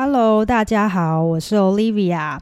Hello，大家好，我是 Olivia。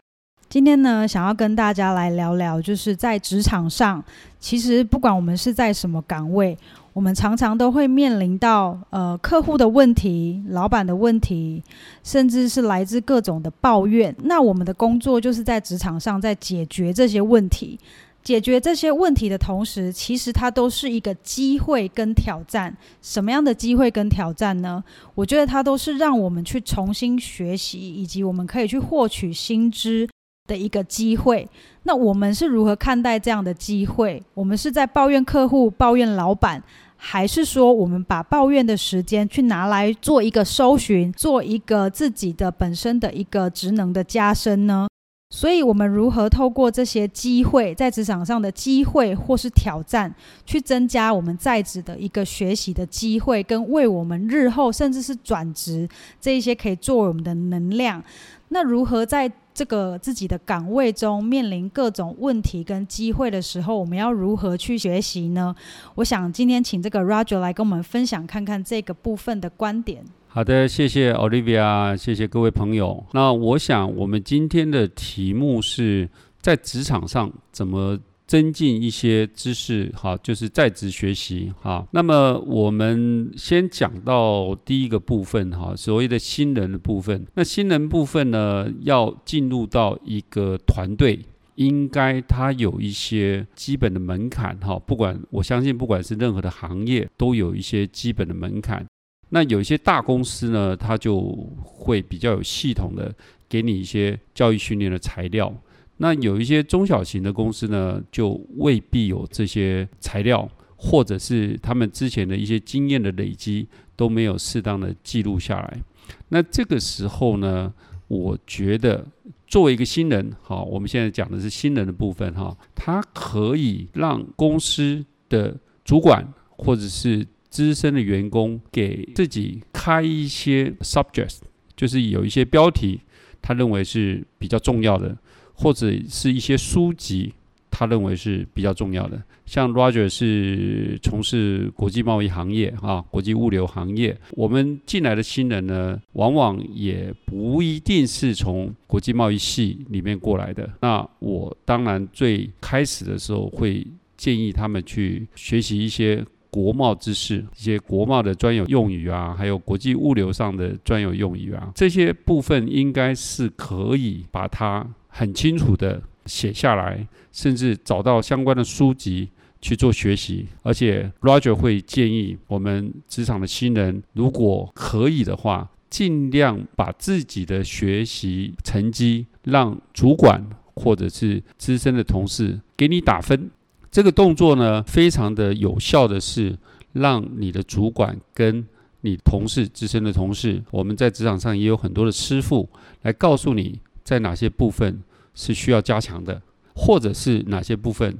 今天呢，想要跟大家來聊聊，就是在職場上，其實不管我們是在什麼崗位，我們常常都會面臨到呃客戶的問題、老闆的問題，甚至是來自各種的抱怨。那我們的工作就是在職場上，在解決這些問題。解決這些問題的同時，其實它都是一個機會跟挑戰。什麼樣的機會跟挑戰呢？我覺得它都是讓我們去重新學習，以及我們可以去獲取新知的一個機會。那我們是如何看待這樣的機會？我們是在抱怨客戶、抱怨老闆，還是說我們把抱怨的時間去拿來做一個搜尋，做一個自己的本身的一個職能的加深呢？所以，我們如何透過這些機會，在職場上的機會或是挑戰，去增加我們在職的一個學習的機會，跟為我們日後甚至是轉職這一些可以作為我們的能量。那如何在這個自己的崗位中面臨各種問題跟機會的時候，我們要如何去學習呢？我想今天請這個 Roger 來跟我們分享，看看這個部分的觀點。好的，謝謝 Olivia，謝謝各位朋友。那我想，我們今天的題目是在職場上怎麼增進一些知識，好，就是在職學習。好，那麼我們先講到第一個部分，哈，所謂的新人的部分。那新人部分呢，要進入到一個團隊，應該它有一些基本的門檻，哈，不管我相信，不管是任何的行業，都有一些基本的門檻。那有一些大公司呢，它就會比較有系統的給你一些教育訓練的材料。那有一些中小型的公司呢，就未必有這些材料，或者是他們之前的一些經驗的累積都沒有適當的記錄下來。那這個時候呢，我覺得作為一個新人，好，我們現在講的是新人的部分哈，他可以讓公司的主管或者是資深的員工給自己開一些 subjects，就是有一些標題，他認為是比較重要的，或者是一些書籍，他認為是比較重要的。像 Roger 是從事國際貿易行業啊，國際物流行業。我們進來的新人呢，往往也不一定是從國際貿易系裡面過來的。那我當然最開始的時候會建議他們去學習一些國貿知識，一些國貿的專有用語啊，還有國際物流上的專有用語啊，這些部分應該是可以把它很清楚地寫下來，甚至找到相關的書籍去做學習。而且，Roger 會建議我們職場的新人，如果可以的話，盡量把自己的學習成績讓主管或者是資深的同事給你打分。這個動作呢，非常的有效的是，讓你的主管跟你同事，資深的同事，我們在職場上也有很多的師傅，來告訴你在哪些部分是需要加強的，或者是哪些部分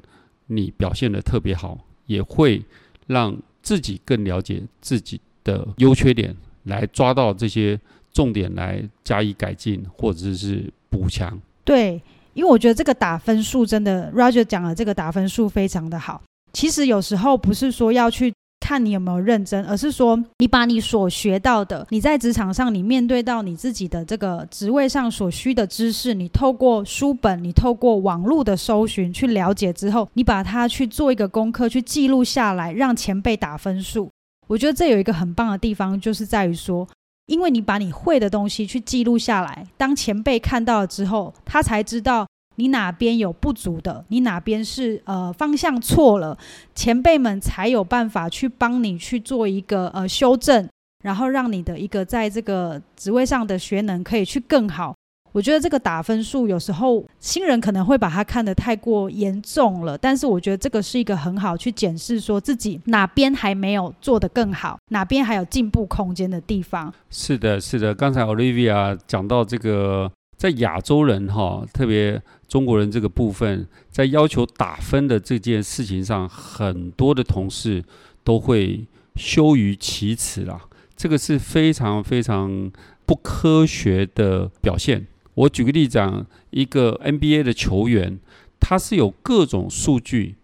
你表現得特別好，也會讓自己更了解自己的優缺點，來抓到這些重點來加以改進或者是補強。對。因為我覺得這個打分數真的，Roger 講了這個打分數非常的好。其實有時候不是說要去看你有沒有認真，而是說你把你所學到的，你在職場上你面對到你自己的這個職位上所需的知識，你透過書本、你透過網絡的搜尋去了解之後，你把它去做一個功課，去記錄下來，讓前輩打分數。我覺得這有一個很棒的地方，就是在於說。因為你把你會的東西去記錄下來，當前輩看到了之後，他才知道你哪邊有不足的，你哪邊是呃方向錯了，前輩們才有辦法去幫你去做一個呃修正，然後讓你的一個在這個職位上的學能可以去更好。我覺得這個打分數有時候新人可能會把它看得太過嚴重了，但是我覺得這個是一個很好去檢視說自己哪邊還沒有做得更好，哪邊還有進步空間的地方。是的，是的。剛才 Olivia 講到這個，在亞洲人哈、哦，特別中國人這個部分，在要求打分的這件事情上，很多的同事都會羞於啟齒啦。這個是非常非常不科學的表現。我舉個例子講，一個 NBA 的球員，他是有各種數據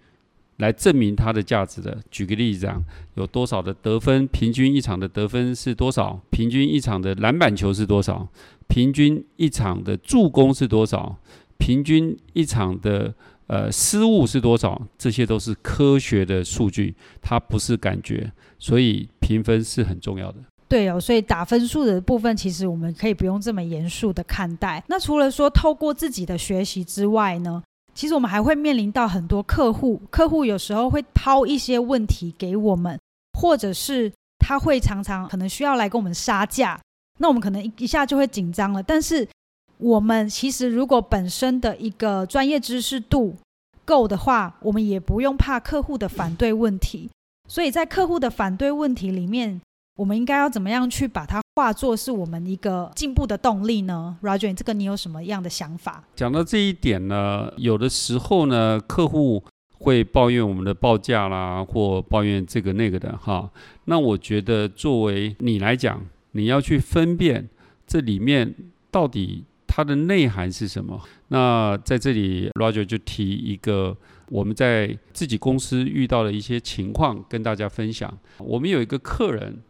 來證明他的價值的。舉個例子啊，有多少的得分，平均一場的得分是多少，平均一場的籃板球是多少，平均一場的助攻是多少，平均一場的呃失誤是多少，這些都是科學的數據，它不是感覺，所以評分是很重要的。對哦，所以打分數的部分，其實我們可以不用這麼嚴肅的看待。那除了說透過自己的學習之外呢，其實我們還會面臨到很多客戶。客戶有時候會拋一些問題給我們，或者是他會常常可能需要來跟我們殺價，那我們可能一下就會緊張了。但是我們其實如果本身的一個專業知識度夠的話，我們也不用怕客戶的反對問題。所以在客戶的反對問題裡面。我們應該要怎麼樣去把它化作是我們一個進步的動力呢？Roger，這個你有什麼樣的想法？講到這一點呢，有的時候呢，客戶會抱怨我們的報價啦，或抱怨這個那個的哈。那我覺得，作為你來講，你要去分辨這裡面到底它的內涵是什麼。那在這裡，Roger 就提一個我們在自己公司遇到的一些情況跟大家分享。我們有一個客人。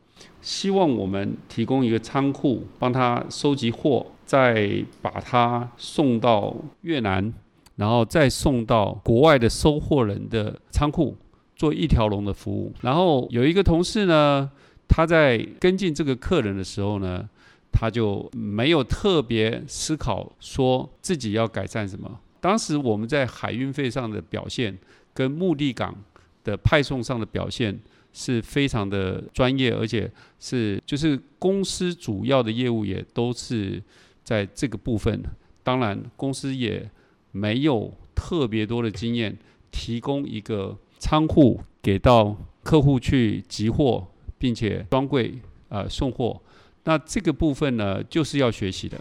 希望我們提供一個倉庫，幫他收集貨，再把他送到越南，然後再送到國外的收貨人的倉庫，做一條龍的服務。然後有一個同事呢，他在跟進這個客人的時候呢，他就沒有特別思考說自己要改善什麼。當時我們在海運費上的表現，跟目的港的派送上的表現。是非常的專業，而且是就是公司主要的業務也都是在這個部分。當然，公司也沒有特別多的經驗，提供一個倉庫給到客戶去集貨，並且專櫃啊送貨。那這個部分呢，就是要學習的。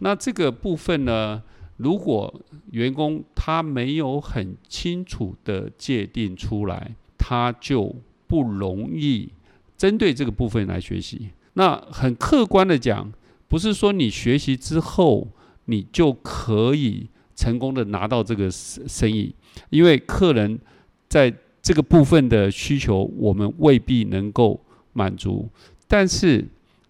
那這個部分呢，如果員工他沒有很清楚的界定出來，他就。不容易針對這個部分來學習。那很客觀的講，不是說你學習之後，你就可以成功的拿到這個生生意，因為客人在這個部分的需求，我們未必能夠滿足。但是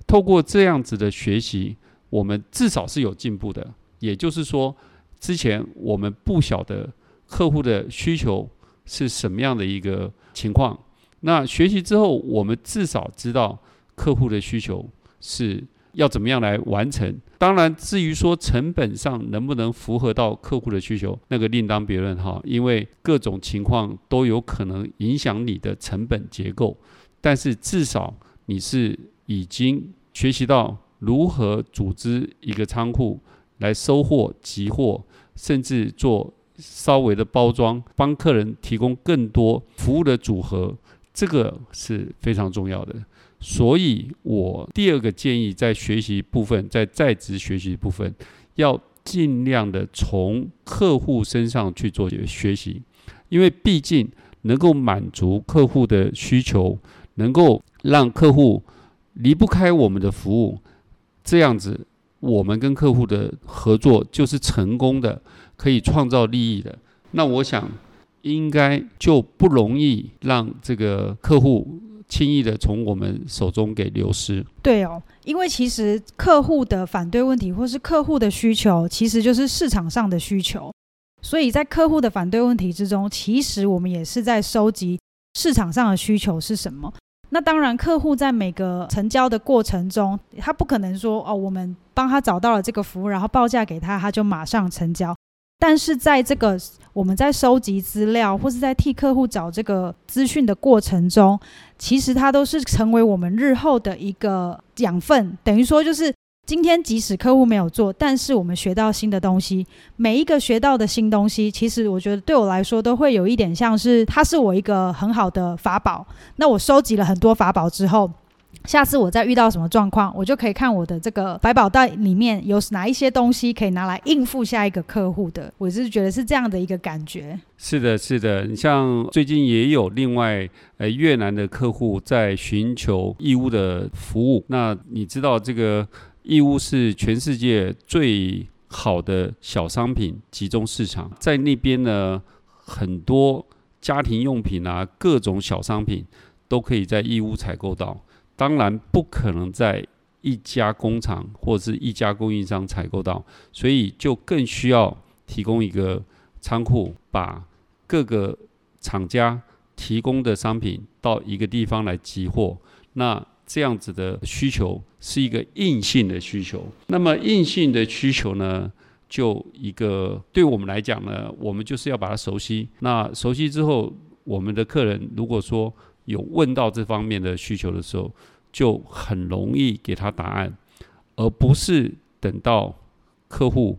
透過這樣子的學習，我們至少是有進步的。也就是說，之前我們不曉得客戶的需求是什麼樣的一個情況。那學習之後，我們至少知道客戶的需求是要怎麼樣來完成。當然，至於說成本上能不能符合到客戶的需求，那個另當別論哈。因為各種情況都有可能影響你的成本結構。但是至少你是已經學習到如何組織一個倉庫來收貨、集貨，甚至做稍微的包裝，幫客人提供更多服務的組合。這個是非常重要的，所以我第二個建議，在學習部分，在在職學習部分，要盡量的從客戶身上去做些學習，因為畢竟能夠滿足客戶的需求，能夠讓客戶離不開我們的服務，這樣子，我們跟客戶的合作就是成功的，可以創造利益的。那我想。應該就不容易讓這個客戶輕易的從我們手中給流失。對哦，因為其實客戶的反對問題或是客戶的需求，其實就是市場上的需求。所以在客戶的反對問題之中，其實我們也是在收集市場上的需求是什麼。那當然，客戶在每個成交的過程中，他不可能說哦，我們幫他找到了這個服務，然後報價給他，他就馬上成交。但是在這個我們在收集資料或是在替客戶找這個資訊的過程中，其實它都是成為我們日後的一個養分。等於說，就是今天即使客戶沒有做，但是我們學到新的東西，每一個學到的新東西，其實我覺得對我來說都會有一點像是它是我一個很好的法寶。那我收集了很多法寶之後。下次我再遇到什麼狀況，我就可以看我的這個百寶袋裡面有哪一些東西可以拿來應付下一個客戶的。我就是覺得是這樣的一個感覺。是的，是的。你像最近也有另外呃越南的客戶在尋求義烏的服務。那你知道這個義烏是全世界最好的小商品集中市場，在那邊呢，很多家庭用品啊，各種小商品都可以在義烏採購到。當然不可能在一家工廠或者是一家供應商採購到，所以就更需要提供一個倉庫，把各個廠家提供的商品到一個地方來集貨。那這樣子的需求是一個硬性的需求。那麼硬性的需求呢，就一個對我們來講呢，我們就是要把它熟悉。那熟悉之後，我們的客人如果說有問到這方面的需求的時候，就很容易給他答案，而不是等到客戶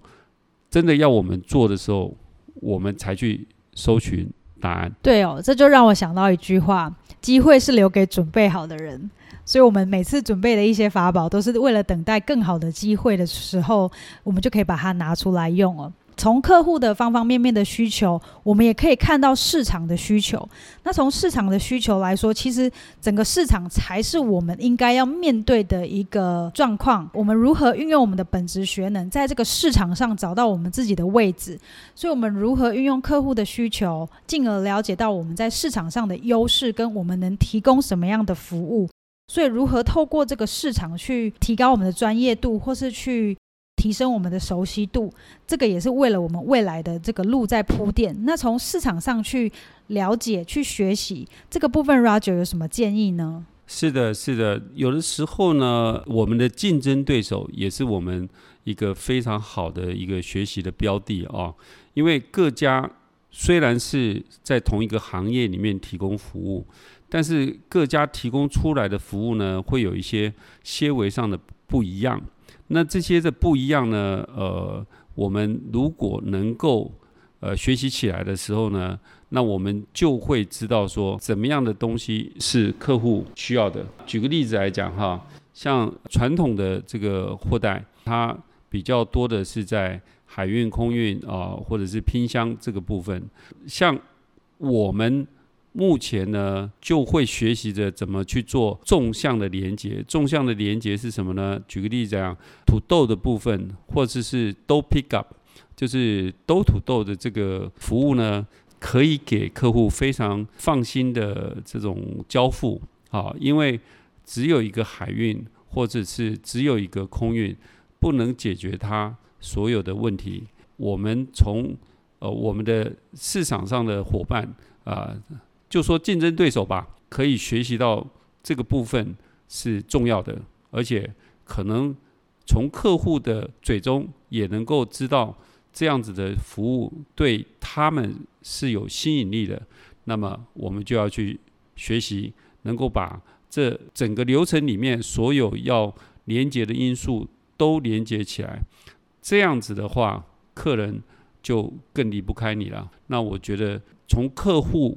真的要我們做的時候，我們才去搜尋答案。對哦，這就讓我想到一句話：機會是留給準備好的人。所以，我們每次準備的一些法寶，都是為了等待更好的機會的時候，我們就可以把它拿出來用了。從客戶的方方面面的需求，我們也可以看到市場的需求。那從市場的需求來說，其實整個市場才是我們應該要面對的一個狀況。我們如何運用我們的本職學能，在這個市場上找到我們自己的位置？所以我們如何運用客戶的需求，進而了解到我們在市場上的優勢，跟我們能提供什麼樣的服務？所以如何透過這個市場去提高我們的專業度，或是去……提升我們的熟悉度，這個也是為了我們未來的這個路在鋪墊。那從市場上去了解、去學習，這個部分，Roger 有什麼建議呢？是的，是的，有的時候呢，我們的競爭對手也是我們一個非常好的一個學習的標的啊、哦。因為各家雖然是在同一個行業裡面提供服務，但是各家提供出來的服務呢，會有一些些微上的不一樣。那這些的不一樣呢，呃，我們如果能夠呃學習起來的時候呢，那我們就會知道說怎麼樣的東西是客戶需要的。舉個例子來講哈，像傳統的這個貨代，它比較多的是在海運、空運啊、呃，或者是拼箱這個部分。像我們。目前呢，就會學習着怎麼去做縱向的連接。縱向的連接是什麼呢？舉個例子啊，土豆的部分或者是都 pick up，就是都土豆的這個服務呢，可以給客戶非常放心的這種交付啊，因為只有一個海運或者是只有一個空運，不能解決它所有的問題。我們從呃我們的市場上的夥伴啊。呃就說競爭對手吧，可以學習到這個部分是重要的。而且可能從客戶的嘴中也能夠知道這樣子的服務對他們是有吸引力的。那麼我們就要去學習，能夠把這整個流程裡面所有要連接的因素都連接起來。這樣子的話，客人就更離不開你了。那我覺得從客戶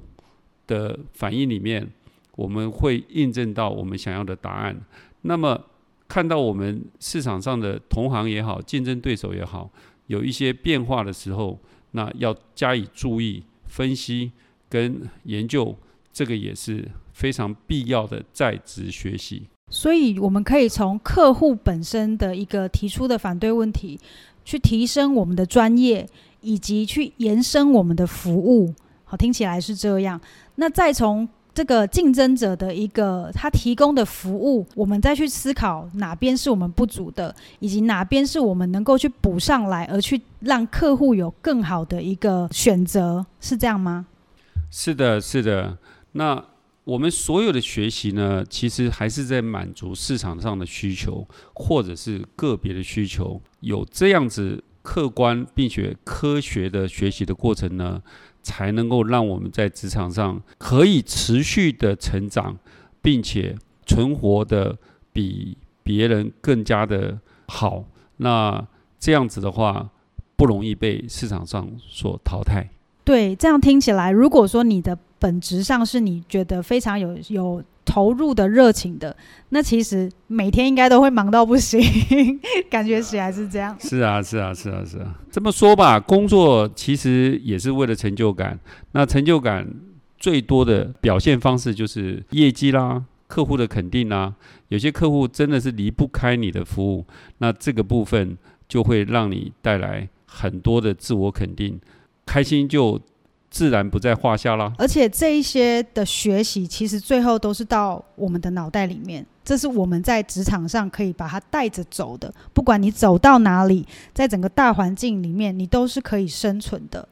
的反應裡面，我們會印證到我們想要的答案。那麼看到我們市場上的同行也好、競爭對手也好，有一些變化的時候，那要加以注意、分析跟研究，這個也是非常必要的在職學習。所以我們可以從客戶本身的一個提出的反對問題，去提升我們的專業，以及去延伸我們的服務。好，聽起來是這樣。那再從這個競爭者的一個他提供的服務，我們再去思考哪邊是我們不足的，以及哪邊是我們能夠去補上來，而去讓客戶有更好的一個選擇，是這樣嗎？是的，是的。那我們所有的學習呢，其實還是在滿足市場上的需求，或者是個別的需求。有這樣子客觀並且科學的學習的過程呢，才能夠讓我們在職場上可以持續的成長，並且存活的比別人更加的好。那這樣子的話，不容易被市場上所淘汰。對，這樣聽起來，如果說你的本質上是你覺得非常有有。投入的熱情的，那其實每天應該都會忙到不行， 感覺起來是這樣，啊。是啊，是啊，是啊，是啊。這麼說吧，工作其實也是為了成就感。那成就感最多的表現方式就是業績啦，啊、客戶的肯定啦，啊。有些客戶真的是離不開你的服務，那這個部分就會讓你帶來很多的自我肯定，開心就。自然不在話下啦。而且這一些的學習，其實最後都是到我們的腦袋裡面，這是我們在職場上可以把它帶着走的。不管你走到哪裡，在整個大環境裡面，你都是可以生存的。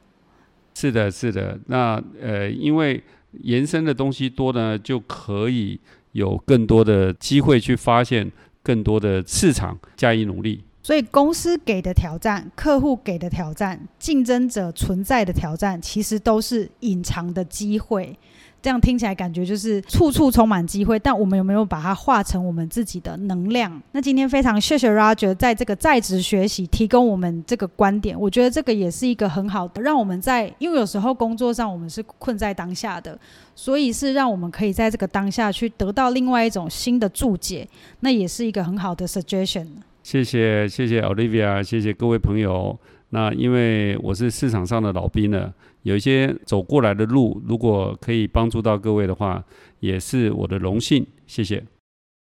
是的，是的。那呃，因為延伸的東西多呢，就可以有更多的機會去發現更多的市場，加以努力。所以，公司給的挑戰、客戶給的挑戰、競爭者存在的挑戰，其實都是隱藏的機會。這樣聽起來感覺就是處處充滿機會，但我們有沒有把它化成我們自己的能量？那今天非常謝謝 Roger 在這個在職學習提供我們這個觀點。我覺得這個也是一個很好的，讓我們在因為有時候工作上我們是困在當下的，所以是讓我們可以在這個當下去得到另外一種新的注解。那也是一個很好的 suggestion。謝謝，謝謝 Olivia，謝謝各位朋友。那因為我是市場上的老兵了，有一些走過來的路，如果可以幫助到各位的話，也是我的榮幸。謝謝。